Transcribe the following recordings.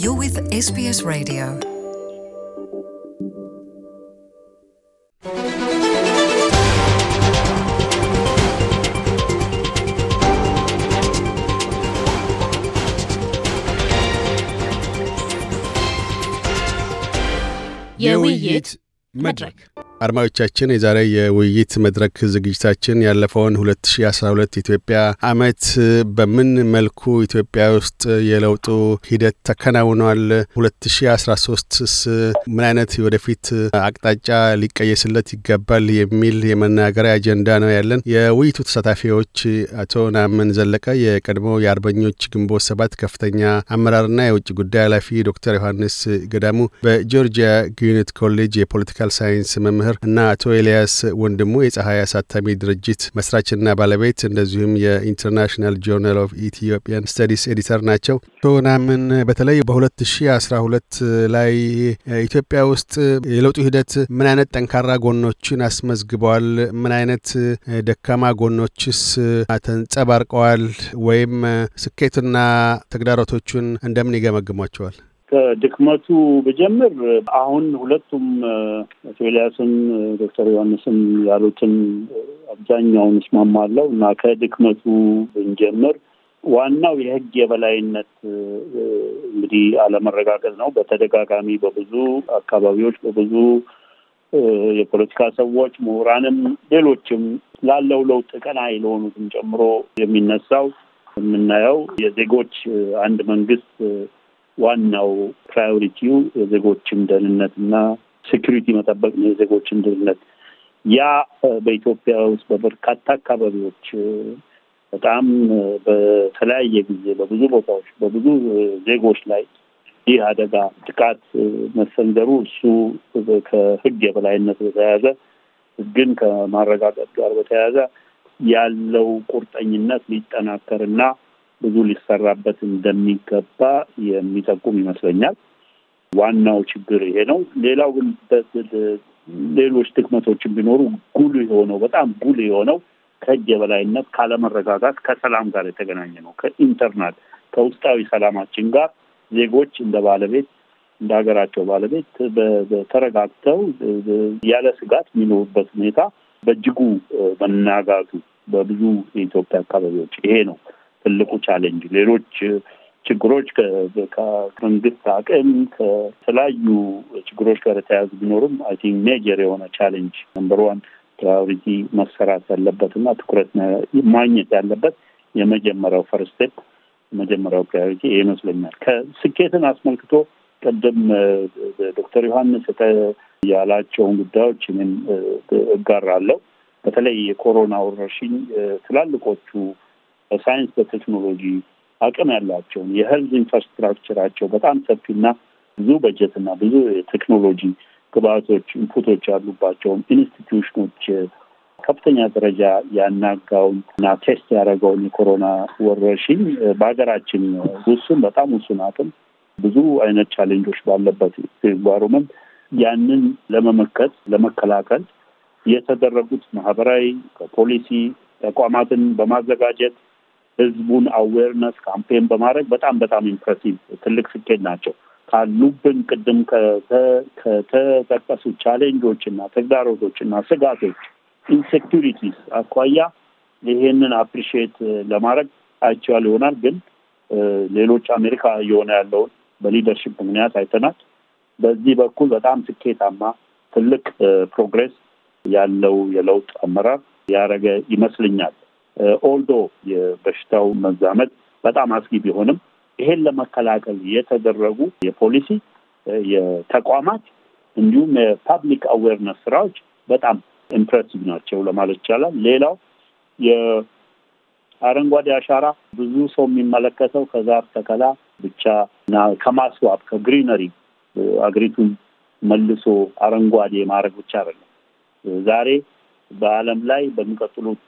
You're with SBS Radio. we Jouw magic. አድማጮቻችን የዛሬ የውይይት መድረክ ዝግጅታችን ያለፈውን 2012 ኢትዮጵያ ዓመት በምን መልኩ ኢትዮጵያ ውስጥ የለውጡ ሂደት ተከናውኗል፣ 2013ስ ምን አይነት ወደፊት አቅጣጫ ሊቀየስለት ይገባል የሚል የመናገሪያ አጀንዳ ነው ያለን። የውይይቱ ተሳታፊዎች አቶ ናምን ዘለቀ የቀድሞ የአርበኞች ግንቦት ሰባት ከፍተኛ አመራርና የውጭ ጉዳይ ኃላፊ፣ ዶክተር ዮሐንስ ገዳሙ በጆርጂያ ግዩኒት ኮሌጅ የፖለቲካል ሳይንስ መምህር መምህር እና አቶ ኤልያስ ወንድሙ የፀሐይ አሳታሚ ድርጅት መስራችና ባለቤት እንደዚሁም የኢንተርናሽናል ጆርናል ኦፍ ኢትዮጵያን ስተዲስ ኤዲተር ናቸው። ናምን በተለይ በ2012 ላይ ኢትዮጵያ ውስጥ የለውጡ ሂደት ምን አይነት ጠንካራ ጎኖችን አስመዝግበዋል? ምን አይነት ደካማ ጎኖችስ ተንጸባርቀዋል? ወይም ስኬትና ተግዳሮቶቹን እንደምን ይገመግሟቸዋል? ከድክመቱ ብጀምር አሁን ሁለቱም አቶ ኤልያስም ዶክተር ዮሐንስም ያሉትን አብዛኛውን እስማማለሁ እና ከድክመቱ ብንጀምር ዋናው የህግ የበላይነት እንግዲህ አለመረጋገጥ ነው። በተደጋጋሚ በብዙ አካባቢዎች በብዙ የፖለቲካ ሰዎች፣ ምሁራንም፣ ሌሎችም ላለው ለውጥ ቀና የለሆኑትም ጨምሮ የሚነሳው የምናየው የዜጎች አንድ መንግስት ዋናው ፕራዮሪቲው የዜጎችን ደህንነትና ሴኪሪቲ መጠበቅ ነው። የዜጎችን ደህንነት ያ በኢትዮጵያ ውስጥ በበርካታ አካባቢዎች በጣም በተለያየ ጊዜ በብዙ ቦታዎች በብዙ ዜጎች ላይ ይህ አደጋ ጥቃት መሰንዘሩ እሱ ከህግ የበላይነት በተያያዘ ህግን ከማረጋገጥ ጋር በተያያዘ ያለው ቁርጠኝነት ሊጠናከርና ብዙ ሊሰራበት እንደሚገባ የሚጠቁም ይመስለኛል። ዋናው ችግር ይሄ ነው። ሌላው ግን ሌሎች ድክመቶችን ቢኖሩ ጉል የሆነው በጣም ጉል የሆነው ከእጅ የበላይነት ካለመረጋጋት፣ ከሰላም ጋር የተገናኘ ነው። ከኢንተርናል ከውስጣዊ ሰላማችን ጋር ዜጎች እንደ ባለቤት እንደ ሀገራቸው ባለቤት ተረጋግተው ያለ ስጋት የሚኖሩበት ሁኔታ በእጅጉ መናጋቱ በብዙ የኢትዮጵያ አካባቢዎች ይሄ ነው። ትልቁ ቻሌንጅ። ሌሎች ችግሮች ከመንግስት አቅም ከተለያዩ ችግሮች ጋር የተያያዙ ቢኖሩም አይ ቲንክ ሜጀር የሆነ ቻሌንጅ ነምበር ዋን ፕራዮሪቲ መሰራት ያለበት እና ትኩረት ማግኘት ያለበት የመጀመሪያው ፈርስት ስቴፕ የመጀመሪያው ፕራዮሪቲ ይመስለኛል። ከስኬትን አስመልክቶ ቅድም ዶክተር ዮሐንስ ያላቸውን ጉዳዮች እኔም እጋራለሁ። በተለይ የኮሮና ወረርሽኝ ትላልቆቹ በሳይንስ በቴክኖሎጂ አቅም ያላቸውን የሄልዝ ኢንፍራስትራክቸራቸው በጣም ሰፊና ብዙ በጀትና ብዙ የቴክኖሎጂ ግብአቶች ኢንፑቶች ያሉባቸውን ኢንስቲትዩሽኖች ከፍተኛ ደረጃ ያናጋውን እና ቴስት ያደረገውን የኮሮና ወረርሽኝ በሀገራችን ውሱን በጣም ውሱን አቅም ብዙ አይነት ቻሌንጆች ባለበት ኤንቫይሮመንት ያንን ለመመከት ለመከላከል የተደረጉት ማህበራዊ ከፖሊሲ ተቋማትን በማዘጋጀት ህዝቡን አዌርነስ ካምፔን በማድረግ በጣም በጣም ኢምፕሬሲቭ ትልቅ ስኬት ናቸው። ካሉብን ቅድም ከተጠቀሱ ቻሌንጆች እና ተግዳሮቶች እና ስጋቶች ኢንሴኪሪቲስ አኳያ ይሄንን አፕሪሺየት ለማድረግ አይቻል ይሆናል፣ ግን ሌሎች አሜሪካ እየሆነ ያለውን በሊደርሽፕ ምክንያት አይተናል። በዚህ በኩል በጣም ስኬታማ ትልቅ ፕሮግሬስ ያለው የለውጥ አመራር ያደረገ ይመስለኛል። ኦልዶ የበሽታው መዛመድ በጣም አስጊ ቢሆንም ይሄን ለመከላከል የተደረጉ የፖሊሲ የተቋማት እንዲሁም የፓብሊክ አዌርነስ ስራዎች በጣም ኢምፕሬሲቭ ናቸው ለማለት ይቻላል። ሌላው የአረንጓዴ አሻራ ብዙ ሰው የሚመለከተው ከዛፍ ተከላ ብቻ ና ከማስዋብ ከግሪነሪ አገሪቱን መልሶ አረንጓዴ ማድረግ ብቻ አይደለም። ዛሬ በዓለም ላይ በሚቀጥሉት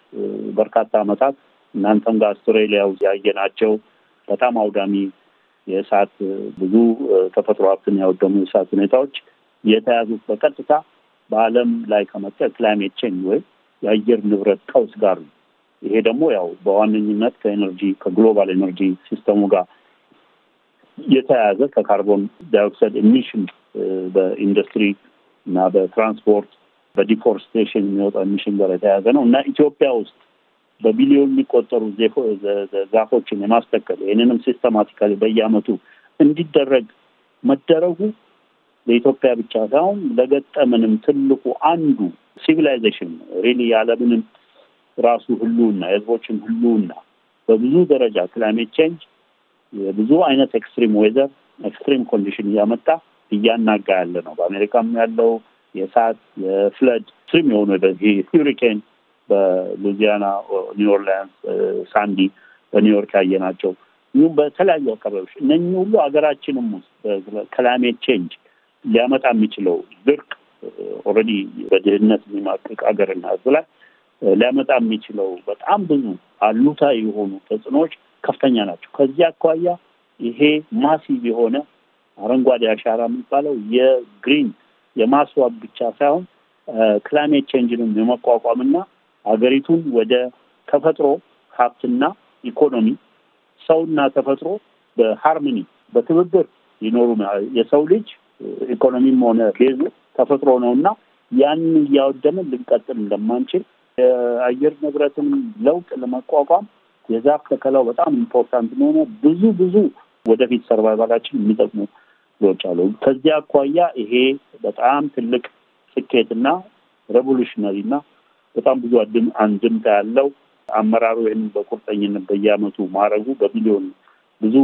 በርካታ ዓመታት እናንተም በአውስትሬሊያ ያየናቸው በጣም አውዳሚ የእሳት ብዙ ተፈጥሮ ሀብትን ያወደሙ የእሳት ሁኔታዎች የተያዙት በቀጥታ በዓለም ላይ ከመጠ ክላይሜት ቼንጅ ወይም የአየር ንብረት ቀውስ ጋር ነው። ይሄ ደግሞ ያው በዋነኝነት ከኤነርጂ ከግሎባል ኤነርጂ ሲስተሙ ጋር የተያያዘ ከካርቦን ዳይኦክሳይድ ኢሚሽን በኢንዱስትሪ እና በትራንስፖርት በዲፎርስቴሽን የሚወጣ ሚሽን ጋር የተያያዘ ነው እና ኢትዮጵያ ውስጥ በቢሊዮን የሚቆጠሩ ዛፎችን የማስተከል ይህንንም ሲስተማቲካሊ በየአመቱ እንዲደረግ መደረጉ ለኢትዮጵያ ብቻ ሳይሆን ለገጠምንም ትልቁ አንዱ ሲቪላይዜሽን ሪሊ የዓለምንም ራሱ ህልውና የህዝቦችን ህልውና በብዙ ደረጃ ክላይሜት ቼንጅ የብዙ አይነት ኤክስትሪም ዌዘር ኤክስትሪም ኮንዲሽን እያመጣ እያናጋ ያለ ነው። በአሜሪካም ያለው የእሳት የፍለድ ስም የሆኑ በዚህ ሂሪኬን በሉዚያና ኒው ኦርሊያንስ ሳንዲ በኒውዮርክ ያየ ናቸው ይሁም በተለያዩ አካባቢዎች እነህ ሁሉ ሀገራችንም ውስጥ ክላሜት ቼንጅ ሊያመጣ የሚችለው ድርቅ ኦልሬዲ በድህነት የሚማቅቅ ሀገርና ህዝብ ላይ ሊያመጣ የሚችለው በጣም ብዙ አሉታ የሆኑ ተጽዕኖዎች ከፍተኛ ናቸው። ከዚህ አኳያ ይሄ ማሲቭ የሆነ አረንጓዴ አሻራ የሚባለው የግሪን የማስዋብ ብቻ ሳይሆን ክላይሜት ቼንጅንም የመቋቋምና ሀገሪቱን ወደ ተፈጥሮ ሀብትና ኢኮኖሚ ሰውና ተፈጥሮ በሃርሞኒ በትብብር ይኖሩ የሰው ልጅ ኢኮኖሚም ሆነ ቤዙ ተፈጥሮ ነው እና ያን እያወደምን ልንቀጥል እንደማንችል የአየር ንብረትን ለውጥ ለመቋቋም የዛፍ ተከላው በጣም ኢምፖርታንት የሆነ ብዙ ብዙ ወደፊት ሰርቫይቫላችን የሚጠቅሙ ክፍሎች አሉ። ከዚያ አኳያ ይሄ በጣም ትልቅ ስኬትና ሬቮሉሽነሪና በጣም ብዙ አድም አንድምታ ያለው አመራሩ ይህን በቁርጠኝነት በየዓመቱ ማድረጉ በሚሊዮን ብዙ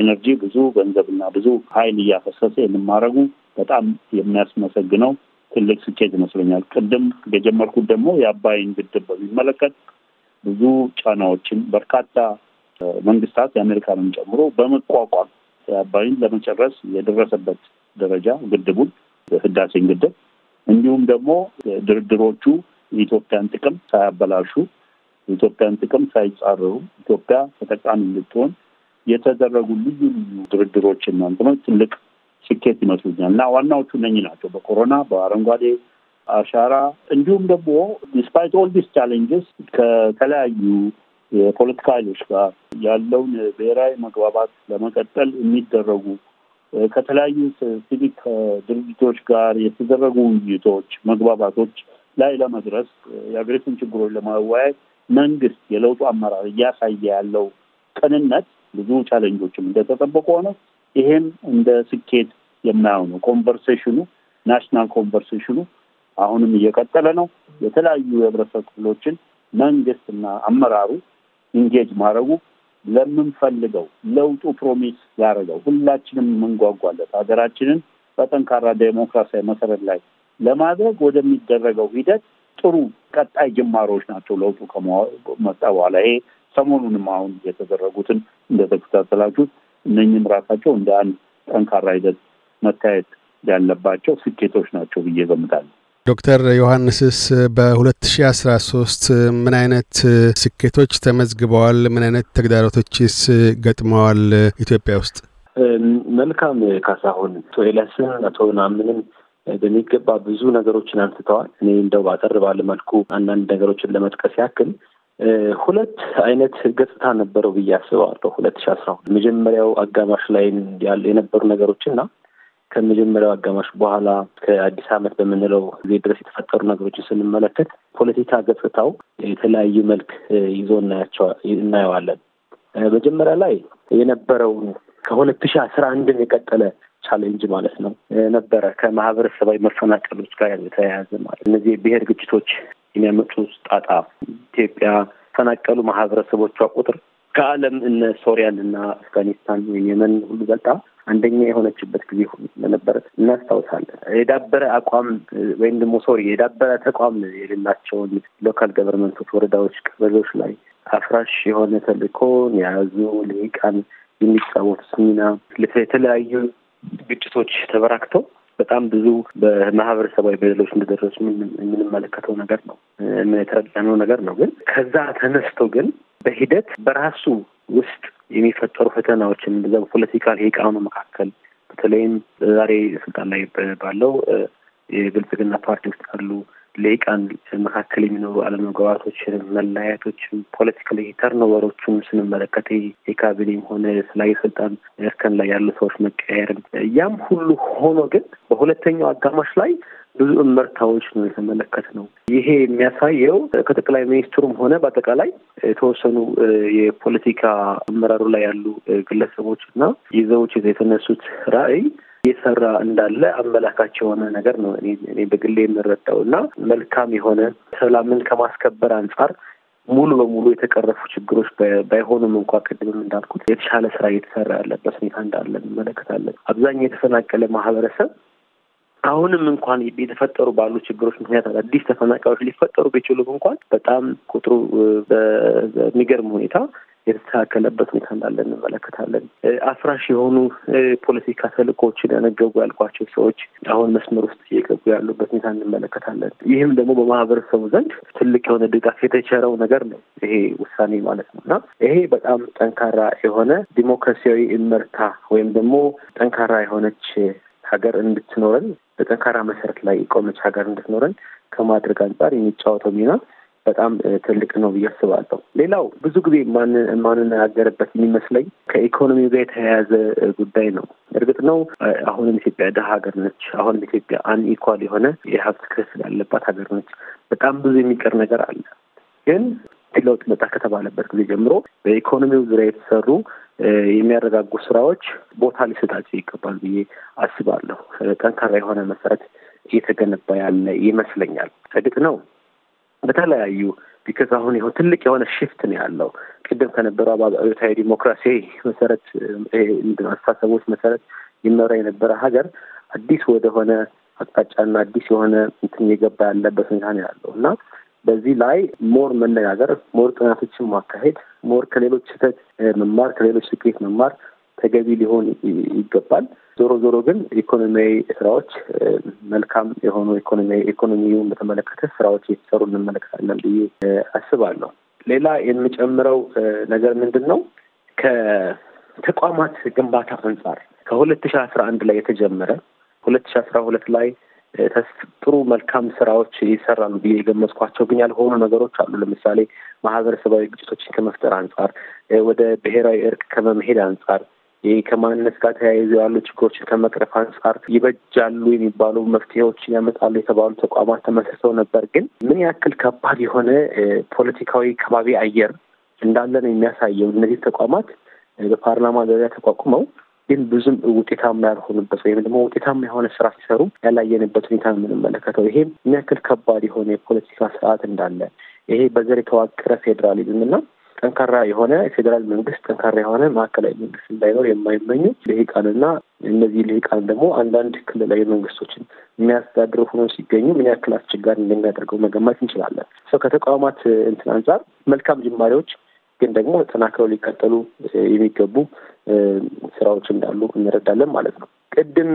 ኤነርጂ ብዙ ገንዘብና ብዙ ኃይል እያፈሰሰ ይህን ማድረጉ በጣም የሚያስመሰግነው ትልቅ ስኬት ይመስለኛል። ቅድም የጀመርኩት ደግሞ የአባይን ግድብ በሚመለከት ብዙ ጫናዎችን በርካታ መንግስታት የአሜሪካንን ጨምሮ በመቋቋም አባይን ለመጨረስ የደረሰበት ደረጃ ግድቡን ህዳሴን ግድብ እንዲሁም ደግሞ ድርድሮቹ የኢትዮጵያን ጥቅም ሳያበላሹ የኢትዮጵያን ጥቅም ሳይጻረሩ ኢትዮጵያ ተጠቃሚ እንድትሆን የተደረጉ ልዩ ልዩ ድርድሮችና እንትኖች ትልቅ ስኬት ይመስሉኛል እና ዋናዎቹ እነኚህ ናቸው። በኮሮና በአረንጓዴ አሻራ እንዲሁም ደግሞ ዲስፓይት ኦል ዲስ ቻሌንጅስ ከተለያዩ የፖለቲካ ኃይሎች ጋር ያለውን ብሔራዊ መግባባት ለመቀጠል የሚደረጉ ከተለያዩ ሲቪክ ድርጅቶች ጋር የተደረጉ ውይይቶች፣ መግባባቶች ላይ ለመድረስ የሀገሪቱን ችግሮች ለመወያየት መንግስት የለውጡ አመራር እያሳየ ያለው ቅንነት ብዙ ቻለንጆችም እንደተጠበቁ ሆነ ይሄም እንደ ስኬት የማየው ነው። ኮንቨርሴሽኑ ናሽናል ኮንቨርሴሽኑ አሁንም እየቀጠለ ነው። የተለያዩ የህብረተሰብ ክፍሎችን መንግስትና አመራሩ ኢንጌጅ ማድረጉ ለምንፈልገው ለውጡ ፕሮሚስ ያደረገው ሁላችንም የምንጓጓለት ሀገራችንን በጠንካራ ዴሞክራሲያዊ መሰረት ላይ ለማድረግ ወደሚደረገው ሂደት ጥሩ ቀጣይ ጅማሮች ናቸው። ለውጡ ከመጣ በኋላ ይሄ ሰሞኑንም አሁን የተደረጉትን እንደተከታተላችሁት እነኝም ራሳቸው እንደ አንድ ጠንካራ ሂደት መታየት ያለባቸው ስኬቶች ናቸው ብዬ ገምታለሁ። ዶክተር ዮሐንስስ በ2013 ምን አይነት ስኬቶች ተመዝግበዋል? ምን አይነት ተግዳሮቶችስ ገጥመዋል ኢትዮጵያ ውስጥ? መልካም ካሳሁን፣ አቶ ኤልያስን፣ አቶ ናምንን በሚገባ ብዙ ነገሮችን አንስተዋል። እኔ እንደው ባጠር ባለ መልኩ አንዳንድ ነገሮችን ለመጥቀስ ያክል ሁለት አይነት ገጽታ ነበረው ብዬ አስባለሁ። ሁለት ሺ አስራ ሁለት መጀመሪያው አጋማሽ ላይ የነበሩ ነገሮች ከመጀመሪያው አጋማሽ በኋላ ከአዲስ ዓመት በምንለው ጊዜ ድረስ የተፈጠሩ ነገሮችን ስንመለከት ፖለቲካ ገጽታው የተለያዩ መልክ ይዞ እናየዋለን። መጀመሪያ ላይ የነበረውን ከሁለት ሺህ አስራ አንድን የቀጠለ ቻሌንጅ ማለት ነው ነበረ ከማህበረሰባዊ መፈናቀሎች ጋር የተያያዘ ማለት እነዚህ የብሔር ግጭቶች የሚያመጡት ጣጣ ኢትዮጵያ ፈናቀሉ ማህበረሰቦቿ ቁጥር ከዓለም እነ ሶሪያን እና አፍጋኒስታን፣ የመን ሁሉ በልጣ አንደኛ የሆነችበት ጊዜ እንደነበረ እናስታውሳለን። የዳበረ አቋም ወይም ደግሞ ሶሪ የዳበረ ተቋም የሌላቸውን ሎካል ገቨርንመንቶች ወረዳዎች፣ ቀበሌዎች ላይ አፍራሽ የሆነ ተልእኮን የያዙ ልሂቃን የሚጫወቱት ሚና የተለያዩ ግጭቶች ተበራክተው በጣም ብዙ በማህበረሰባዊ በደሎች እንደደረሱ የምንመለከተው ነገር ነው። የተረዳነው ነገር ነው። ግን ከዛ ተነስቶ ግን በሂደት በራሱ ውስጥ የሚፈጠሩ ፈተናዎችን እንደዛ በፖለቲካል ሊቃኑ መካከል በተለይም ዛሬ ስልጣን ላይ ባለው የብልጽግና ፓርቲ ውስጥ ያሉ ሊቃን መካከል የሚኖሩ አለመግባባቶችን፣ መለያየቶችን፣ ፖለቲካል ተርኖቨሮችን ስንመለከት የካቢኔም ሆነ የተለያዩ ስልጣን እርከን ላይ ያሉ ሰዎች መቀያየርም ያም ሁሉ ሆኖ ግን በሁለተኛው አጋማሽ ላይ ብዙ እመርታዎች ነው የተመለከት ነው። ይሄ የሚያሳየው ከጠቅላይ ሚኒስትሩም ሆነ በአጠቃላይ የተወሰኑ የፖለቲካ አመራሩ ላይ ያሉ ግለሰቦች እና ይዘዎች የተነሱት ራዕይ እየሰራ እንዳለ አመላካች የሆነ ነገር ነው እኔ በግሌ የምረዳው እና መልካም የሆነ ሰላምን ከማስከበር አንጻር ሙሉ በሙሉ የተቀረፉ ችግሮች ባይሆኑም እንኳ ቅድምም እንዳልኩት የተሻለ ስራ እየተሰራ ያለበት ሁኔታ እንዳለ እንመለከታለን። አብዛኛው የተፈናቀለ ማህበረሰብ አሁንም እንኳን የተፈጠሩ ባሉ ችግሮች ምክንያት አዳዲስ ተፈናቃዮች ሊፈጠሩ ቢችሉም እንኳን በጣም ቁጥሩ በሚገርም ሁኔታ የተስተካከለበት ሁኔታ እንዳለ እንመለከታለን። አፍራሽ የሆኑ ፖለቲካ ተልዕኮችን ያነገቡ ያልኳቸው ሰዎች አሁን መስመር ውስጥ እየገቡ ያሉበት ሁኔታ እንመለከታለን። ይህም ደግሞ በማህበረሰቡ ዘንድ ትልቅ የሆነ ድጋፍ የተቸረው ነገር ነው ይሄ ውሳኔ ማለት ነው እና ይሄ በጣም ጠንካራ የሆነ ዲሞክራሲያዊ እመርታ ወይም ደግሞ ጠንካራ የሆነች ሀገር እንድትኖረን በጠንካራ መሰረት ላይ የቆመች ሀገር እንድትኖረን ከማድረግ አንጻር የሚጫወተው ሚና በጣም ትልቅ ነው ብዬ አስባለሁ። ሌላው ብዙ ጊዜ ማንናገርበት የሚመስለኝ ከኢኮኖሚው ጋር የተያያዘ ጉዳይ ነው። እርግጥ ነው አሁንም ኢትዮጵያ ድሀ ሀገር ነች። አሁንም ኢትዮጵያ አንኢኳል የሆነ የሀብት ክፍል ያለባት ሀገር ነች። በጣም ብዙ የሚቀር ነገር አለ ግን ለውጥ መጣ ከተባለበት ጊዜ ጀምሮ በኢኮኖሚው ዙሪያ የተሰሩ የሚያረጋጉ ስራዎች ቦታ ሊሰጣቸው ይገባል ብዬ አስባለሁ። ጠንካራ የሆነ መሰረት እየተገነባ ያለ ይመስለኛል። እርግጥ ነው በተለያዩ ቢከዝ አሁን ይሁን ትልቅ የሆነ ሽፍት ነው ያለው። ቅድም ከነበረው አብዮታዊ ዲሞክራሲ መሰረት አስተሳሰቦች መሰረት ይመራ የነበረ ሀገር አዲስ ወደሆነ አቅጣጫና አዲስ የሆነ እንትን የገባ ያለበት ሁኔታ ነው ያለው እና በዚህ ላይ ሞር መነጋገር፣ ሞር ጥናቶችን ማካሄድ፣ ሞር ከሌሎች ስህተት መማር፣ ከሌሎች ስኬት መማር ተገቢ ሊሆን ይገባል። ዞሮ ዞሮ ግን ኢኮኖሚያዊ ስራዎች መልካም የሆኑ ኢኮኖሚያዊ ኢኮኖሚውን በተመለከተ ስራዎች እየተሰሩ እንመለከታለን ብዬ አስባለሁ። ሌላ የምጨምረው ነገር ምንድን ነው? ከተቋማት ግንባታ አንጻር ከሁለት ሺ አስራ አንድ ላይ የተጀመረ ሁለት ሺ አስራ ሁለት ላይ ጥሩ መልካም ስራዎች ይሰራሉ ብዬ የገመጽኳቸው ግን ያልሆኑ ነገሮች አሉ። ለምሳሌ ማህበረሰባዊ ግጭቶችን ከመፍጠር አንጻር፣ ወደ ብሔራዊ እርቅ ከመሄድ አንጻር፣ ከማንነት ጋር ተያይዘው ያሉ ችግሮችን ከመቅረፍ አንጻር ይበጃሉ የሚባሉ መፍትሄዎችን ያመጣሉ የተባሉ ተቋማት ተመስርተው ነበር። ግን ምን ያክል ከባድ የሆነ ፖለቲካዊ ከባቢ አየር እንዳለን የሚያሳየው እነዚህ ተቋማት በፓርላማ ደረጃ ተቋቁመው ግን ብዙም ውጤታማ ያልሆኑበት ወይም ደግሞ ውጤታማ የሆነ ስራ ሲሰሩ ያላየንበት ሁኔታ ነው የምንመለከተው። ይሄም ምን ያክል ከባድ የሆነ የፖለቲካ ስርዓት እንዳለ ይሄ በዘር የተዋቀረ ፌዴራሊዝም እና ጠንካራ የሆነ ፌዴራል መንግስት፣ ጠንካራ የሆነ ማዕከላዊ መንግስት እንዳይኖር የማይመኙ ልሂቃንና እነዚህ ልሂቃን ደግሞ አንዳንድ ክልላዊ መንግስቶችን የሚያስተዳድሩ ሆኖ ሲገኙ ምን ያክል አስቸጋሪ እንደሚያደርገው መገመት እንችላለን። ሰው ከተቋማት እንትን አንጻር መልካም ጅማሬዎች ግን ደግሞ ተጠናክረው ሊቀጠሉ የሚገቡ ስራዎች እንዳሉ እንረዳለን ማለት ነው። ቅድም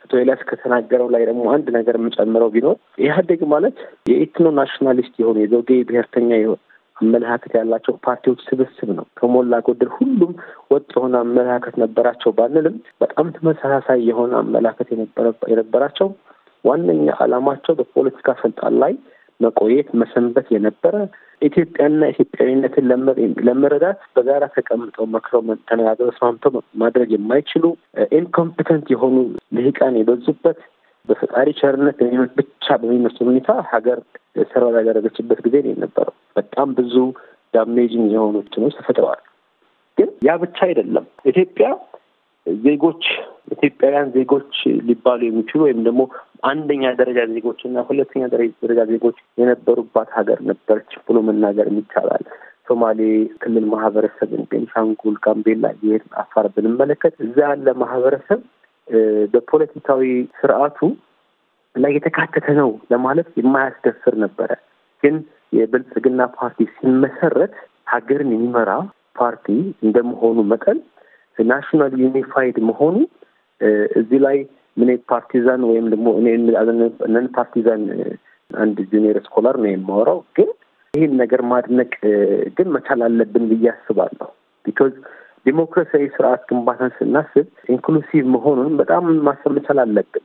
አቶ ኤልያስ ከተናገረው ላይ ደግሞ አንድ ነገር የምጨምረው ቢኖር ኢህአዴግ ማለት የኢትኖ ናሽናሊስት የሆኑ የዘውጌ ብሔርተኛ አመለካከት ያላቸው ፓርቲዎች ስብስብ ነው። ከሞላ ጎደል ሁሉም ወጥ የሆነ አመለካከት ነበራቸው ባንልም በጣም ተመሳሳይ የሆነ አመለካከት የነበራቸው ዋነኛ ዓላማቸው በፖለቲካ ስልጣን ላይ መቆየት መሰንበት የነበረ ኢትዮጵያና ኢትዮጵያዊነትን ለመረዳት በጋራ ተቀምጠው መክረው ተነጋግረው ተስማምተው ማድረግ የማይችሉ ኢንኮምፒተንት የሆኑ ልሂቃን የበዙበት በፈጣሪ ቸርነት ብቻ በሚመስል ሁኔታ ሀገር ሰራ ያደረገችበት ጊዜ ነው የነበረው። በጣም ብዙ ዳሜጅን የሆኑ ችኖች ተፈጥረዋል። ግን ያ ብቻ አይደለም። ኢትዮጵያ ዜጎች ኢትዮጵያውያን ዜጎች ሊባሉ የሚችሉ ወይም ደግሞ አንደኛ ደረጃ ዜጎች እና ሁለተኛ ደረጃ ዜጎች የነበሩባት ሀገር ነበረች ብሎ መናገር ይቻላል። ሶማሌ ክልል ማህበረሰብን፣ ቤንሻንጉል፣ ጋምቤላ ይሄን አፋር ብንመለከት እዛ ያለ ማህበረሰብ በፖለቲካዊ ስርዓቱ ላይ የተካተተ ነው ለማለት የማያስደፍር ነበረ። ግን የብልጽግና ፓርቲ ሲመሰረት ሀገርን የሚመራ ፓርቲ እንደመሆኑ መጠን ናሽናል ዩኒፋይድ መሆኑ እዚህ ላይ ምን ፓርቲዛን ወይም ደግሞ እኔ ፓርቲዛን አንድ ጁኒየር ስኮላር ነው የማወራው። ግን ይህን ነገር ማድነቅ ግን መቻል አለብን ብዬ አስባለሁ። ቢኮዝ ዲሞክራሲያዊ ስርዓት ግንባታን ስናስብ ኢንክሉሲቭ መሆኑን በጣም ማሰብ መቻል አለብን።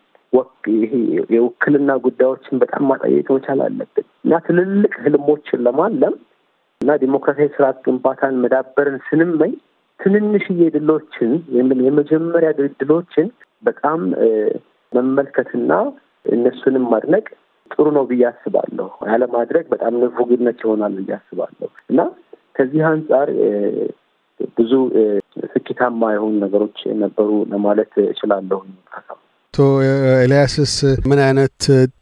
ይሄ የውክልና ጉዳዮችን በጣም ማጠየቅ መቻል አለብን እና ትልልቅ ህልሞችን ለማለም እና ዲሞክራሲያዊ ስርዓት ግንባታን መዳበርን ስንመኝ ትንንሽዬ ድሎችን የመጀመሪያ ድሎችን በጣም መመልከትና እነሱንም ማድነቅ ጥሩ ነው ብዬ አስባለሁ። ያለማድረግ በጣም ንፉግነት ይሆናል ብዬ አስባለሁ እና ከዚህ አንጻር ብዙ ስኬታማ የሆኑ ነገሮች ነበሩ ለማለት እችላለሁ። አቶ ኤልያስስ ምን አይነት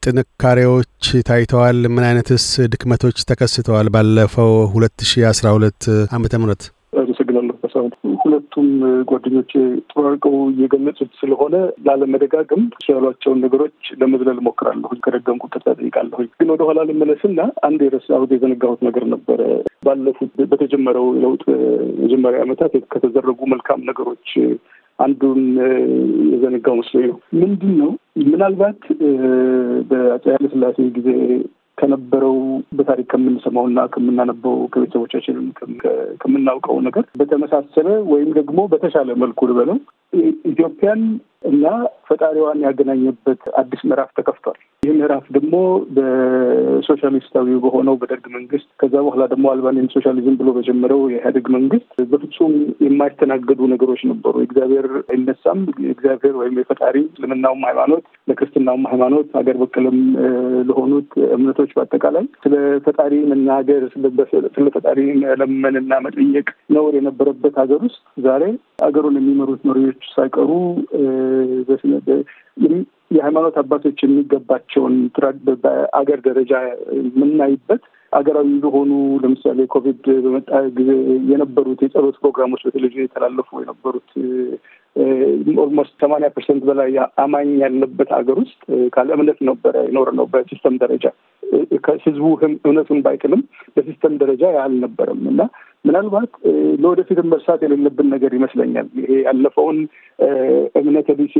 ጥንካሬዎች ታይተዋል? ምን አይነትስ ድክመቶች ተከስተዋል? ባለፈው ሁለት ሺ አስራ ሁለት ዓመተ ምህረት አመሰግናለሁ። ሀሳብ ሁለቱም ጓደኞች ጥሩ አድርገው እየገለጹት ስለሆነ ላለመደጋገም ያሏቸውን ነገሮች ለመዝለል እሞክራለሁ። ከደገም ቁጥር ጠይቃለሁ። ግን ወደኋላ ልመለስና አንድ የረሳሁት የዘነጋሁት ነገር ነበረ። ባለፉት በተጀመረው ለውጥ መጀመሪያ ዓመታት ከተዘረጉ መልካም ነገሮች አንዱን የዘነጋው መስሎኝ ነው። ምንድን ነው ምናልባት በአፄ ኃይለሥላሴ ጊዜ ከነበረው በታሪክ ከምንሰማውና ከምናነበው ከቤተሰቦቻችን ከምናውቀው ነገር በተመሳሰለ ወይም ደግሞ በተሻለ መልኩ ልበለው ኢትዮጵያን እና ፈጣሪዋን ያገናኘበት አዲስ ምዕራፍ ተከፍቷል። ይህ ምዕራፍ ደግሞ በሶሻሊስታዊ በሆነው በደርግ መንግስት፣ ከዛ በኋላ ደግሞ አልባኒን ሶሻሊዝም ብሎ በጀመረው የኢህአዴግ መንግስት በፍጹም የማይተናገዱ ነገሮች ነበሩ። እግዚአብሔር አይነሳም። እግዚአብሔር ወይም የፈጣሪ እስልምናውም ሃይማኖት ለክርስትናውም ሃይማኖት ሀገር በቀልም ለሆኑት እምነቶች በአጠቃላይ ስለ ፈጣሪ መናገር፣ ስለ ፈጣሪ መለመንና መጠየቅ ነውር የነበረበት ሀገር ውስጥ ዛሬ ሀገሩን የሚመሩት መሪዎች ሳይቀሩ የሃይማኖት አባቶች የሚገባቸውን በአገር ደረጃ የምናይበት አገራዊ የሆኑ ለምሳሌ ኮቪድ በመጣ ጊዜ የነበሩት የጸሎት ፕሮግራሞች በቴሌቪዥን የተላለፉ የነበሩት ኦልሞስት ሰማንያ ፐርሰንት በላይ አማኝ ያለበት ሀገር ውስጥ ካለ እምነት ነበረ ይኖር ነው በሲስተም ደረጃ ህዝቡ እምነቱን ባይክልም በሲስተም ደረጃ አልነበረም እና ምናልባት ለወደፊት መርሳት የሌለብን ነገር ይመስለኛል። ይሄ ያለፈውን እምነት ቢስ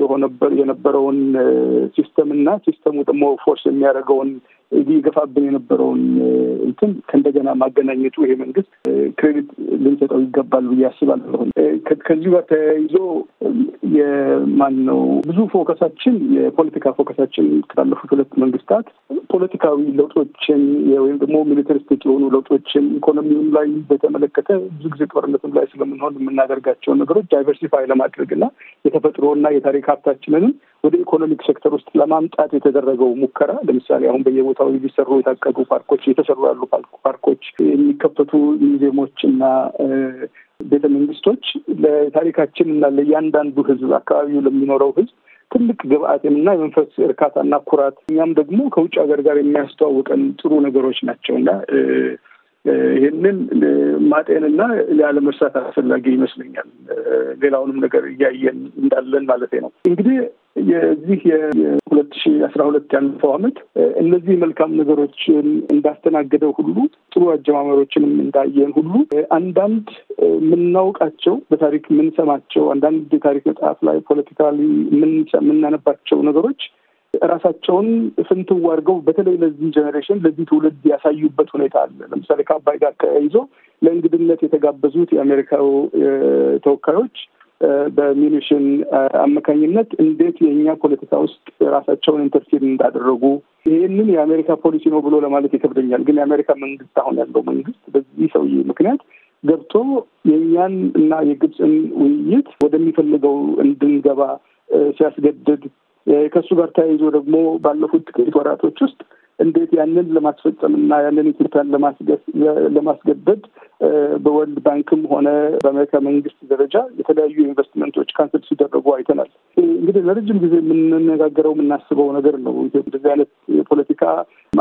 የነበረውን ሲስተም እና ሲስተሙ ደግሞ ፎርስ የሚያደርገውን ገፋብን የነበረውን እንትን ከእንደገና ማገናኘቱ ይሄ መንግስት ክሬዲት ልንሰጠው ይገባል ብዬ አስባለሁ። ከዚሁ ጋር ተያይዞ የማን ነው ብዙ ፎከሳችን የፖለቲካ ፎከሳችን ካለፉት ሁለት መንግስታት ፖለቲካዊ ለውጦችን ወይም ደግሞ ሚሊተሪስቲክ የሆኑ ለውጦችን ኢኮኖሚውም ላይ በተመለከተ ብዙ ጊዜ ጦርነትም ላይ ስለምንሆን የምናደርጋቸው ነገሮች ዳይቨርሲፋይ ለማድረግ እና የተፈጥሮና የታሪክ ሀብታችንንም ወደ ኢኮኖሚክ ሴክተር ውስጥ ለማምጣት የተደረገው ሙከራ ለምሳሌ አሁን በየቦታው የሚሰሩ የታቀዱ ፓርኮች፣ እየተሰሩ ያሉ ፓርኮች፣ የሚከፈቱ ሚዚየሞች እና ቤተ መንግስቶች ለታሪካችን እና ለእያንዳንዱ ህዝብ አካባቢው ለሚኖረው ህዝብ ትልቅ እና የመንፈስ እርካታና ኩራት እኛም ደግሞ ከውጭ ሀገር ጋር የሚያስተዋውቀን ጥሩ ነገሮች ናቸው እና ይህንን ማጤንና ያለመርሳት አስፈላጊ ይመስለኛል። ሌላውንም ነገር እያየን እንዳለን ማለት ነው። እንግዲህ የዚህ የሁለት ሺ አስራ ሁለት ያለፈው አመት እነዚህ መልካም ነገሮችን እንዳስተናገደው ሁሉ ጥሩ አጀማመሮችንም እንዳየን ሁሉ አንዳንድ የምናውቃቸው በታሪክ የምንሰማቸው አንዳንድ የታሪክ መጽሐፍ ላይ ፖለቲካሊ የምናነባቸው ነገሮች ራሳቸውን ፍንትው አድርገው በተለይ ለዚህ ጀኔሬሽን ለዚህ ትውልድ ያሳዩበት ሁኔታ አለ። ለምሳሌ ከአባይ ጋር ተያይዞ ለእንግድነት የተጋበዙት የአሜሪካው ተወካዮች በሚኒሽን አማካኝነት እንዴት የእኛ ፖለቲካ ውስጥ ራሳቸውን ኢንተርፊር እንዳደረጉ ይህንን የአሜሪካ ፖሊሲ ነው ብሎ ለማለት ይከብደኛል። ግን የአሜሪካ መንግስት አሁን ያለው መንግስት በዚህ ሰውዬ ምክንያት ገብቶ የእኛን እና የግብፅን ውይይት ወደሚፈልገው እንድንገባ ሲያስገድድ ከእሱ ጋር ተያይዞ ደግሞ ባለፉት ጥቂት ወራቶች ውስጥ እንዴት ያንን ለማስፈጸም እና ያንን ኢትዮጵያን ለማስገደድ በወርልድ ባንክም ሆነ በአሜሪካ መንግስት ደረጃ የተለያዩ ኢንቨስትመንቶች ካንሰል ሲደረጉ አይተናል። እንግዲህ ለረጅም ጊዜ የምንነጋገረው የምናስበው ነገር ነው። እንደዚህ አይነት የፖለቲካ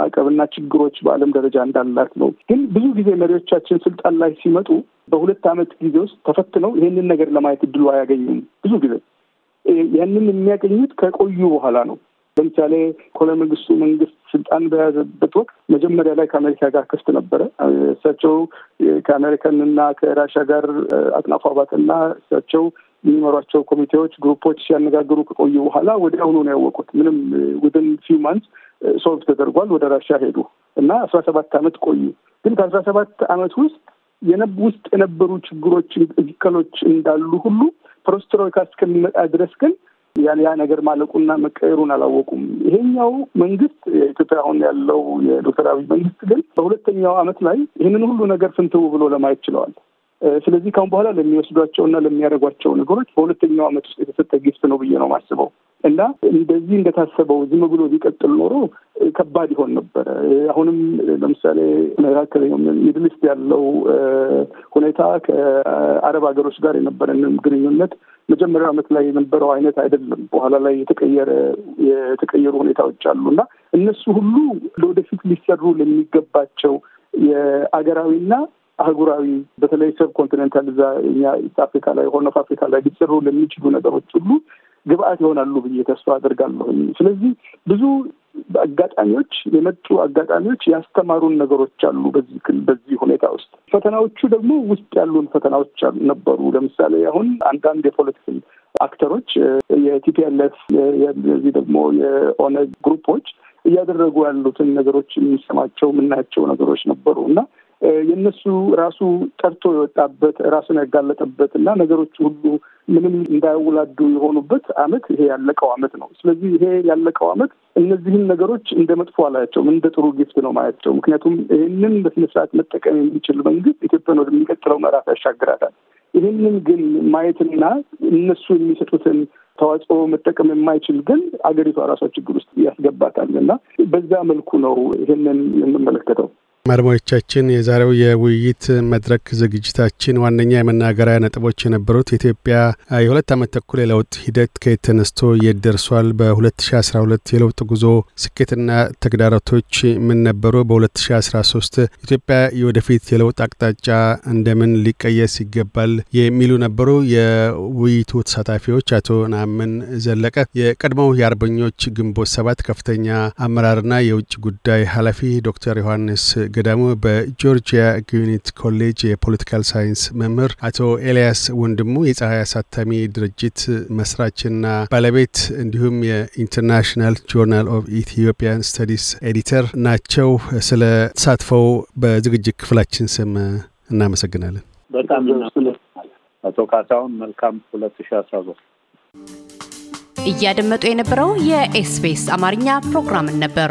ማዕቀብና ችግሮች በዓለም ደረጃ እንዳላት ነው። ግን ብዙ ጊዜ መሪዎቻችን ስልጣን ላይ ሲመጡ በሁለት ዓመት ጊዜ ውስጥ ተፈትነው ይህንን ነገር ለማየት እድሉ አያገኙም ብዙ ጊዜ ያንን የሚያገኙት ከቆዩ በኋላ ነው። ለምሳሌ ኮሎኔል መንግስቱ መንግስት ስልጣን በያዘበት ወቅት መጀመሪያ ላይ ከአሜሪካ ጋር ክፍት ነበረ። እሳቸው ከአሜሪካን እና ከራሻ ጋር አጥናፉ አባተና እሳቸው የሚመሯቸው ኮሚቴዎች፣ ግሩፖች ሲያነጋግሩ ከቆዩ በኋላ ወዲያውኑ ነው ያወቁት። ምንም ውድን ፊው ማንስ ሶልቭ ተደርጓል። ወደ ራሻ ሄዱ እና አስራ ሰባት አመት ቆዩ። ግን ከአስራ ሰባት አመት ውስጥ ውስጥ የነበሩ ችግሮች እክሎች እንዳሉ ሁሉ ፕሮስትሮይካ እስከሚመጣ ድረስ ግን ያ ነገር ማለቁና መቀየሩን አላወቁም። ይሄኛው መንግስት የኢትዮጵያ አሁን ያለው የዶክተር አብይ መንግስት ግን በሁለተኛው ዓመት ላይ ይህንን ሁሉ ነገር ፍንትው ብሎ ለማየት ችለዋል። ስለዚህ ካሁን በኋላ ለሚወስዷቸውና ለሚያደርጓቸው ነገሮች በሁለተኛው ዓመት ውስጥ የተሰጠ ጊፍት ነው ብዬ ነው ማስበው። እና እንደዚህ እንደታሰበው ዝም ብሎ ቢቀጥል ኖሮ ከባድ ይሆን ነበረ። አሁንም ለምሳሌ መካከለኛው ሚድል ኢስት ያለው ሁኔታ ከአረብ ሀገሮች ጋር የነበረንም ግንኙነት መጀመሪያው ዓመት ላይ የነበረው አይነት አይደለም። በኋላ ላይ የተቀየረ የተቀየሩ ሁኔታዎች አሉ እና እነሱ ሁሉ ለወደፊት ሊሰሩ ለሚገባቸው የአገራዊና አህጉራዊ በተለይ ሰብ ኮንቲኔንታል እዛ እኛ ኢስት አፍሪካ ላይ ሆርን ኦፍ አፍሪካ ላይ ሊሰሩ ለሚችሉ ነገሮች ሁሉ ግብአት ይሆናሉ ብዬ ተስፋ አድርጋለሁ። ስለዚህ ብዙ አጋጣሚዎች የመጡ አጋጣሚዎች ያስተማሩን ነገሮች አሉ። በዚህ በዚህ ሁኔታ ውስጥ ፈተናዎቹ ደግሞ ውስጥ ያሉን ፈተናዎች ነበሩ። ለምሳሌ አሁን አንዳንድ የፖለቲካል አክተሮች የቲፒኤልኤፍ የዚህ ደግሞ የኦነግ ግሩፖች እያደረጉ ያሉትን ነገሮች የሚሰማቸው የምናያቸው ነገሮች ነበሩ እና የእነሱ ራሱ ጠርቶ የወጣበት ራሱን ያጋለጠበት እና ነገሮች ሁሉ ምንም እንዳያውላዱ የሆኑበት አመት ይሄ ያለቀው አመት ነው። ስለዚህ ይሄ ያለቀው አመት እነዚህን ነገሮች እንደ መጥፎ አላያቸውም፣ እንደ ጥሩ ጊፍት ነው ማያቸው። ምክንያቱም ይህንን በስነስርዓት መጠቀም የሚችል መንግስት ኢትዮጵያን ወደሚቀጥለው ምዕራፍ ያሻግራታል። ይህንን ግን ማየትና እነሱ የሚሰጡትን ተዋጽኦ መጠቀም የማይችል ግን አገሪቷ ራሷ ችግር ውስጥ ያስገባታል እና በዛ መልኩ ነው ይህንን የምመለከተው። አድማጮቻችን የዛሬው የውይይት መድረክ ዝግጅታችን ዋነኛ የመናገሪያ ነጥቦች የነበሩት የኢትዮጵያ የሁለት ዓመት ተኩል የለውጥ ሂደት ከየት ተነስቶ የት ደርሷል፣ በ2012 የለውጥ ጉዞ ስኬትና ተግዳሮቶች ምን ነበሩ፣ በ2013 ኢትዮጵያ የወደፊት የለውጥ አቅጣጫ እንደምን ሊቀየስ ይገባል የሚሉ ነበሩ። የውይይቱ ተሳታፊዎች አቶ ናምን ዘለቀ የቀድሞው የአርበኞች ግንቦት ሰባት ከፍተኛ አመራርና የውጭ ጉዳይ ኃላፊ ዶክተር ዮሐንስ ገዳሙ በጆርጂያ ጊዩኒት ኮሌጅ የፖለቲካል ሳይንስ መምህር፣ አቶ ኤልያስ ወንድሙ የፀሐይ አሳታሚ ድርጅት መስራችና ባለቤት እንዲሁም የኢንተርናሽናል ጆርናል ኦፍ ኢትዮጵያን ስተዲስ ኤዲተር ናቸው። ስለ ተሳትፈው በዝግጅት ክፍላችን ስም እናመሰግናለን። በጣም አቶ ካሳሁን መልካም ሁለት ሺ አስራ ሶስት እያደመጡ የነበረው የኤስቢኤስ አማርኛ ፕሮግራምን ነበር።